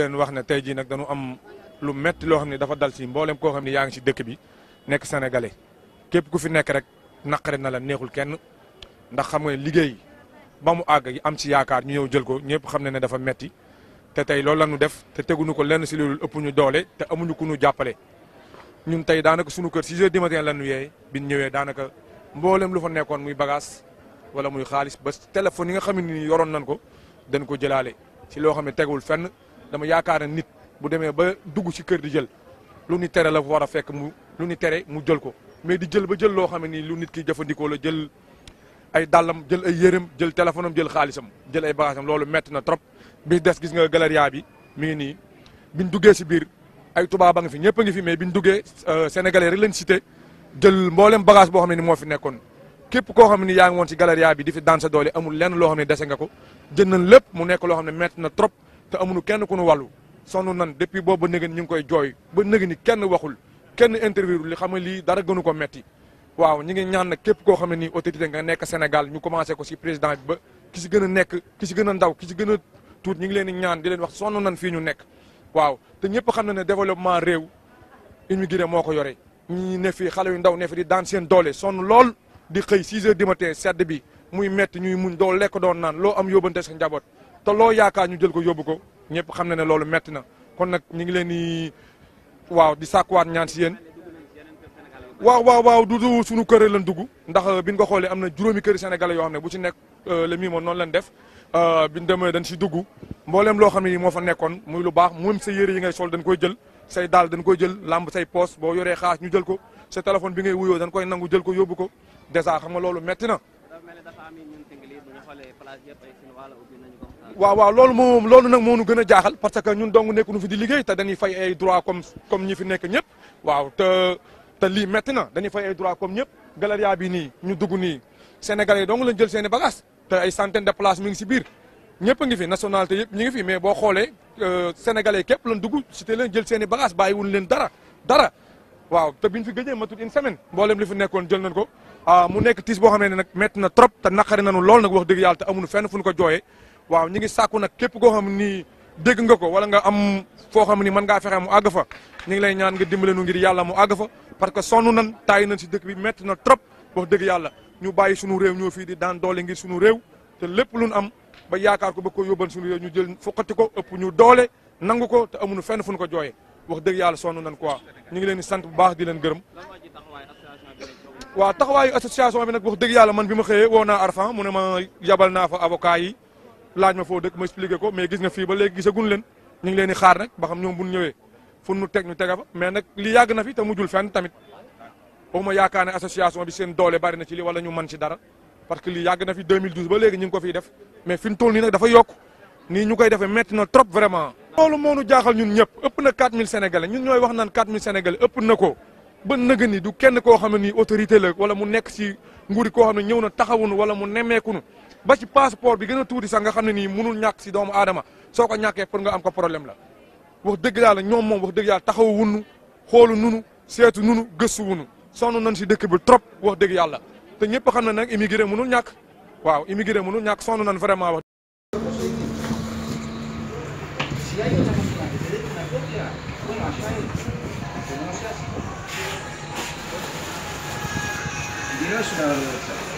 leen wax na tey jii nag dañu am lu metti loo xam ne dafa dal si mboolem koo xam ne yaa ngi si dëkk bi nekk sénégalais képp ku fi nekk rek naqare na la neexul kenn ndax xam nga liggéey ba mu àgg am si yaakaar ñu ñëw jël ko ñëpp xam ne ne dafa metti te tey loolu la ñu def te teguñu ko lenn si loolu ëpp ñu doole te amuñu ku ñu jàppale ñun tey daanaka suñu kër 6 heures du matin la ñu yeey biñ ñëwee daanaka mboolem lu fa nekkoon muy bagage wala muy xaalis ba téléphone yi nga xam ne ni yoroon nañ ko dañ ko jëlaale si loo xam ne tegul fenn dama yaakaar ne nit bu demee ba dugg si kër di jël lu ni tere la war a fekk mu lu ni tere mu jël ko mais di jël ba jël loo xam ne lu nit ki jëfandikoo la jël ay dàllam jël ay yërëm jël téléphone am jël xaalisam jël ay bagaasam loolu metti na trop bi des gis nga galeria bi mu ngi nii biñ duggee si biir ay tubaab a ngi fi ñëpp a ngi fi mais biñ duggee euh, sénégalais rek lañ cité jël mboolem bagage boo xam ne ni moo fi nekkoon képp koo xam ne yaa ngi woon si galeria bi di fi daan sa doole amul lenn loo xam ne dese nga ko jël nañ lépp mu nekk loo xam ne metti na trop te amuñu kenn ku nu wàllu sonn nan depuis boobu ba nëgën ñu ngi koy jooy ba nëgën ni kenn waxul kenn interview li xam nga lii dara gënu ko metti waaw ñi ngi ñaan nag képp koo xam ne nii autorité nga nekk Sénégal ñu commencé ko si président bi ba ki si gën nekk ki si gën a ndaw ki si gën a tuut ñu ngi leen di ñaan di leen wax sonn nan fii ñu nekk waaw te ñëpp xam na ne développement réew immigré moo ko yore ñi ne fii xale yu ndaw ne fi di daan seen doole sonn lool di xëy 6 heures du sedd bi muy metti ñuy muñ doo lekk doon naan loo am yóbbante sa njaboot te loo yaakaar ñu jël ko yóbbu ko ñëpp xam na ne loolu mettina na kon nag ñu ngi leen di waaw di sàkkuwaat ñaan si yéen waaw waaw waaw du du suñu kër la dugg ndax euh, biñ ko xoolee am na juróomi kër sénégalais yoo xam ne bu ci nekk euh, le mii moom noonu lañ def euh, biñ demee dañ si dugg mbooleem loo xam ne nii moo fa nekkoon muy lu baax moom sa yëre yi ngay sol dañ koy jël say daal dañ koy jël làmb say poos boo yoree xaas ñu jël ko sa téléphone bi ngay wuyoo dañ koy nangu jël ko yóbbu ko dèjà xam nga loolu metti na waaw waaw loolu moom loolu nag moo nu gën a jaaxal parce que ñun dong nekkuñu fi di liggéey te dañuy fay ay droit comme comme ñi fi nekk ñëpp waaw te te lii métti dañuy fay ay droit comme ñëpp galeria bi nii ñu dugg nii sénégalais yi dong lañ jël seen i bagage ay santen de place mi ngi si biir ñëpp a ngi fi nationalité yëpp ñu ngi fi mais boo xoolee euh, sénégalais képp lañ dugg si te leen jël seen i bagage bàyyiwul leen dara dara waaw te biñ fi gëjee matut une semaine mboolem li fi nekkoon jël nañ ko ah, mu nekk tiis boo xam ne nag na trop te naqari nañu lool nag wax dëgg yàlla te fenn fu ñu ko jooyee waaw ñu ngi sàkku nag képp koo xam ni dégg nga ko wala nga am foo xam ni mën ngaa fexe mu àgg fa ñu ngi lay ñaan nga dimbale nu ngir yàlla mu àgg fa parce que sonn nan taay nañ si dëkk bi métti na trop wax dëgg yàlla ñu bàyyi sunu réew ñoo fii di daan doole ngir sunu réew te lépp luñ am ba yaakaar ko ba ko yóbban sunu réew ñu jël fokkati ko ëpp ñu doole nangu ko te amuñu fenn fu ñu ko jooyee wax dëgg yàlla sonn nan quoi ñu ngi leen di sant bu baax di leen gërëm waaw taxawaayu association bi nag wax dëgg yàlla man bi ma xëyee woo naa Arfan mu ne ma yabal naa fa avocat yi laaj ma foo dëkk ma expliqué ko mais gis na fii ba léegi gisaguñ leen ñu ngi leen di xaar nag ba xam ñoom bu ñu ñëwee fu nu teg ñu tega fa mais nag li yàgg na fi te mujjul fenn tamit waxuma yaakaar ne association bi seen doole bari na ci li wala ñu mën ci dara parce que lii yàgg na fi 2012 ba léegi ñu ngi ko fiy def mais fi mu toll nii nag dafa yokk nii ñu koy defee métti na trop vraiment. loolu moo ñu jaaxal ñun ñëpp ëpp na 4000 sénégale ñun ñooy wax naan 4000 sénégalais ëpp na ko ba nëgë ni du kenn koo xam ne nii autorité la wala mu nekk si nguur koo xam ne ñëw na taxawunu wala mu nemmeekunu ba ci passeport bi gën a tuuti sax nga xam ne nii mënul ñàkk si doomu aadama soo ko ñàkkee pour nga am ko problème la wax dëgg yàlla ñoom moom wax dëgg yàlla taxaw wunu xoolu nunu seetu nunu gëstu wunu sonn nañ si dëkk bi trop wax dëgg yàlla te ñëpp xam na nag immigré mënul ñàkk waaw immigré mënul ñàkk sonn nañ vraiment wax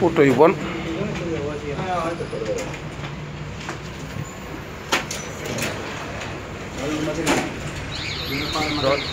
poto yu bon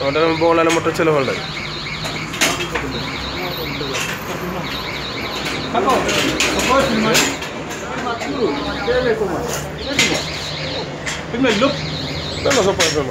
o dana boo lala ma toj sa loxo rek Filmer lépp. Dana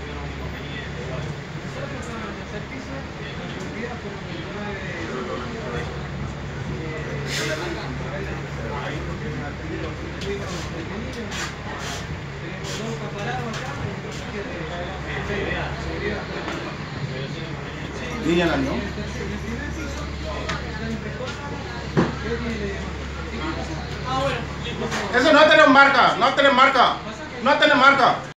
Villanan, ¿no? Ah, Eso no tiene marca, no tiene marca, no tiene marca.